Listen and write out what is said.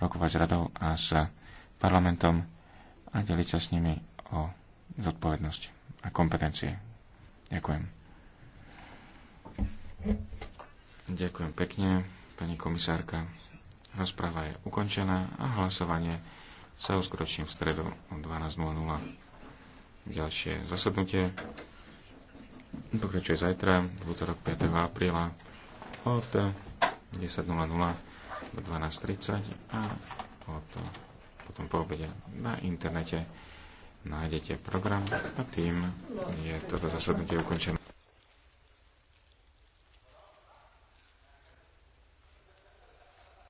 rokovať s radou a s parlamentom a deliť sa s nimi o zodpovednosť a kompetencie. Ďakujem. Ďakujem pekne, pani komisárka. Rozpráva je ukončená a hlasovanie sa uskutoční v stredu o 12.00. Ďalšie zasadnutie pokračuje zajtra, v útorok 5. apríla od 10.00 do 12.30 a potom, potom po obede na internete nájdete program a tým je toto zasadnutie ukončené.